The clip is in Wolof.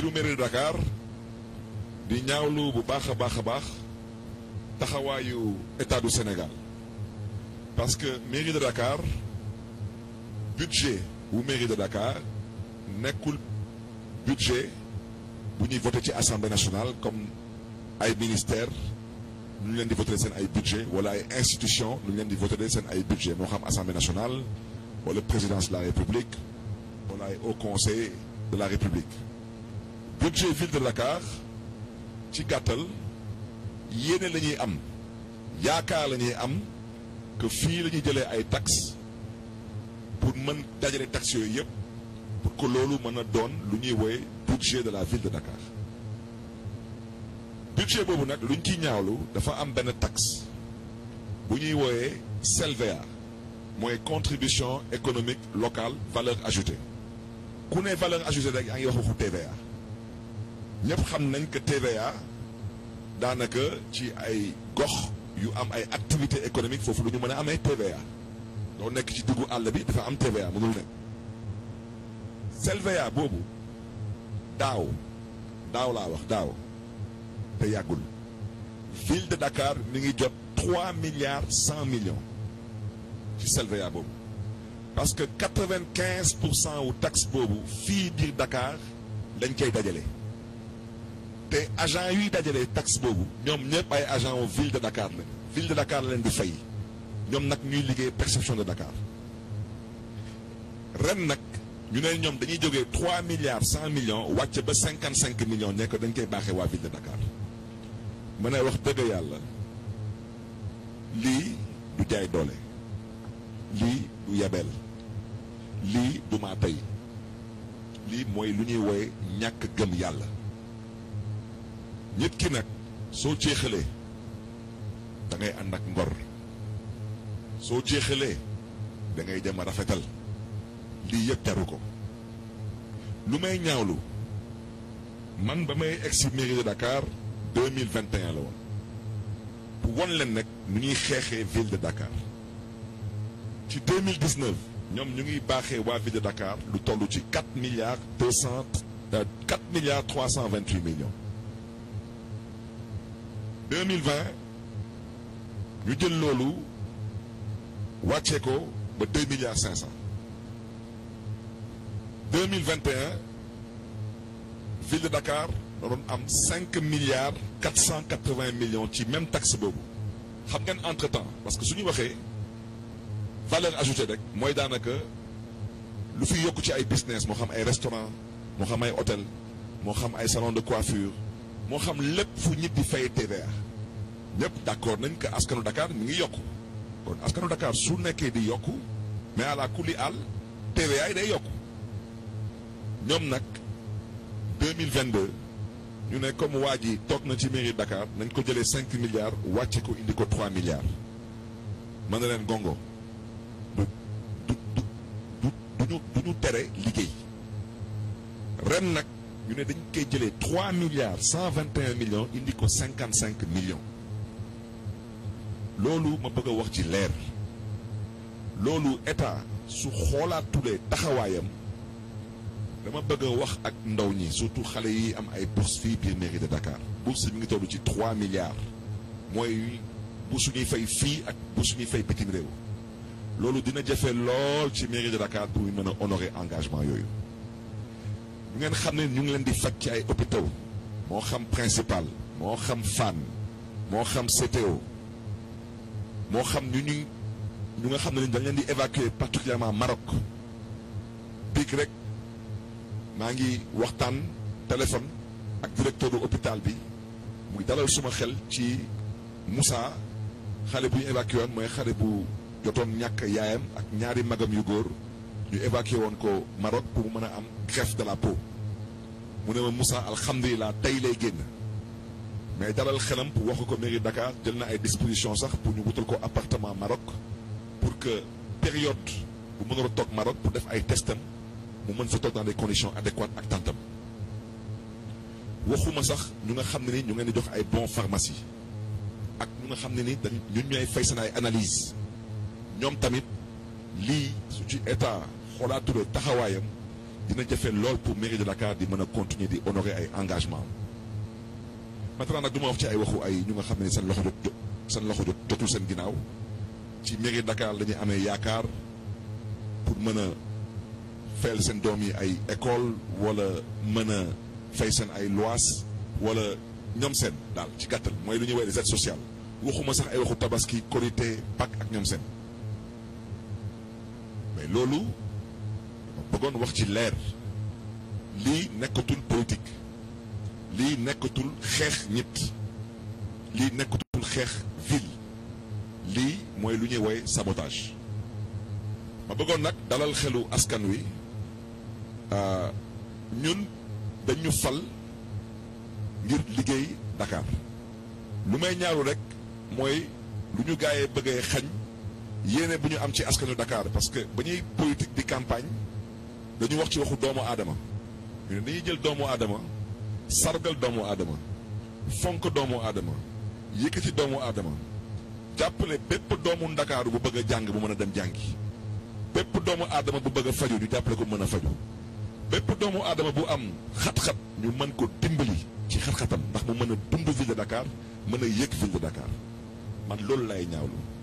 mbiru mairie Dakar di ñaawlu bu baax a baax a baax taxawaayu état du Sénégal parce que mairie de Dakar budget wu mairie de Dakar nekkul budget bu ñuy voté ci assemblée nationale comme ay ministère lu ñu leen di voté seen ay budget wala ay institution lu ñu leen di voté seen ay budget moo xam assemblée nationale wala présidence de la république wala ay haut conseil de la république budget ville de Dakar ci gàttal yéene la ñuy am yaakaar lañuy am que fii la ñuy jëlee ay taxes pour mën dajale taxes yooyu yëpp pour que loolu mën a doon lu ñuy woy budget de la ville de Dakar budget boobu nag luñ ci ñaawlu dafa am benn taxe bu ñuy wooyee CELVA mooy contribution économique locale valeur ajoutée ku ne valeur ajoutée rek yaa ngi wax waxu TVA ñëpp xam nañ que TVA daanaka ci ay gox yu am ay activité économique foofu lu ñu mën a amee TVA doo nekk ci diggu àll bi dafa am TVA mënul nekk selveya boobu daaw daaw laa wax daaw te yàggul ville de Dakar mi ngi jot trois milliards cent millions ci selveya boobu parce que quatre-vingt-quinze pour cent wu taxe boobu fii biir Dakar lañ koy dajale te agent yuy dajalee taxe boobu ñoom ñëpp ay agent wu ville de Dakar la ville de Dakar leen di fay ñoom nag ñuy liggéey perception de Dakar ren nag ñu ne ñoom dañuy jógee 3 milliards 100 millions wàcc ba 55 millions nekk dañ koy baaxee waa ville de Dakar ma ne wax dëgg yàlla lii du jaay doole lii du yabeel lii du maa tey lii mooy lu ñuy wooye ñàkk gëm yàlla nit ki nag soo jeexalee da dangay ànd ak ngor soo jeexalee da ngay dem a rafetal lii yëpp jaru ko lu may ñaawlu man ba may egsi mairie de Dakar deux mille vingt et la woon pour won leen nag nu ñuy xeexee ville de Dakar ci deux mille dix neuf ñoom ñu ngi baaxee waa ville de Dakar lu toll ci quatre milliards deux cent euh, quatre milliards trois cent vingt huit millions. deux mille vingt ñu jël loolu wàcce ko ba deux milliards cinq cent mille vingt et un ville de Dakar da doon am cinq milliards quatre cent quatre vingt millions ci même tax boobu xam ngeen entre parce que su waxee valeur ajoutée rek mooy daanaka lu fi yokk ci ay business moo xam ay restaurant moo xam ay hôtel moo xam ay salon de coiffure moo xam lépp fu ñit di fay TVA ñëpp d'accord nañ ko askanu Dakar mi ngi yokku kon askanu Dakar su nekkee di yokku mais à la kuli àll TVA yi day yokk ñoom nag 2022 ñu ne comme waa ji toog na ci mairie Dakar nañ ko jëlee 5 milliards wàcce ko indi ko 3 milliards mën na leen gongo du du du du du ñu tere liggéey ren nag. ñu ne dañ koy jëlee trois milliards cent vingt et un indi ko cinquante cinq millions loolu ma bëgg a wax ci leer loolu état su xoolaatulee taxawaayam dama bëgg a wax ak ndaw ñi surtout xale yi am ay bourse fii biir mairie de Dakar bourse bi ngi toll ci trois milliards mooy bourse ñuy fay fii ak bourse ñuy fay bitim réew loolu dina jafe lool ci mairie de Dakar pour ñu mën a honorer engagement yooyu ngeen xam ne ñu ngi leen di faj ci ay hôpitaux moo xam principal moo xam Fann moo xam CTO moo xam ñu ñuy ñu nga xam ne dañ leen di évacuer particulièrement Maroc biig rek maa ngi waxtaan téléphone ak directeur du hôpital bi muy dalal suma xel ci Moussa xale bu ñu évacué woon mooy xale bu jotoon ñàkk yaayam ak ñaari magam yu góor ñu évacué woon ko Maroc pour mu mën a am greffe de la peau mu ne ma Moussa alhamdulilah tey lay génn mais dalal xelam pour waxu ko mairie Dakar jël na ay dispositions sax pour ñu wutal ko appartement marok pour que période bu mënoon a toog Maroc def ay testam mu mën fa toog dans des conditions adéquates ak tantam waxuma sax ñu nga xam ne ni ñu ngeen di jox ay bon pharmacie ak ñu nga xam ne ni dañ ñun ñooy fay seen ay analyse ñoom tamit lii su ci état xolaatule taxawaayam dina jëfe lool pour mairie de Dakar di mën a continuer di honorer ay engagement maintenant nag du wax ci ay waxu ay ñu nga xam ne seen loxo jot seen loxo jot jotul seen ginnaaw ci mairie Dakar la ñu amee yaakaar pour mën a fayal seen doom yi ay école wala mën a fay seen ay lois wala ñoom seen daal ci gàttal mooy lu ñuy woowee les aides waxuma sax ay waxu tabaski korité Pâques ak ñoom seen mais loolu bëggoon wax ci leer lii nekkatul politique lii nekkatul xeex nit lii nekkatul xeex ville lii mooy lu ñuy woy sabotage ma bëggoon nag dalal xelu askan wi euh, ñun dañu fal ngir liggéey Dakar lu may ñaaru rek mooy lu ñu gaayee bëggee xañ yéene bu ñu am ci askanu dakaar parce que ba ñuy politique di campagne dañu wax ci waxu doomu aadama ñu dañuy jël doomu aadama sargal doomu aadama fonk doomu aadama yëkkati doomu aadama jàppale bépp doomu ndakaaru bu bëgg a jàng bu mën a dem jàngi bépp doomu aadama bu bëgg a faju ñu jàppale ko mën a faju bépp doomu aadama bu am xat-xat ñu mën ko dimbali ci xat-xatam ndax mu mën a dund ville de mën a yëg ville de Dakar man loolu lay ñaawlu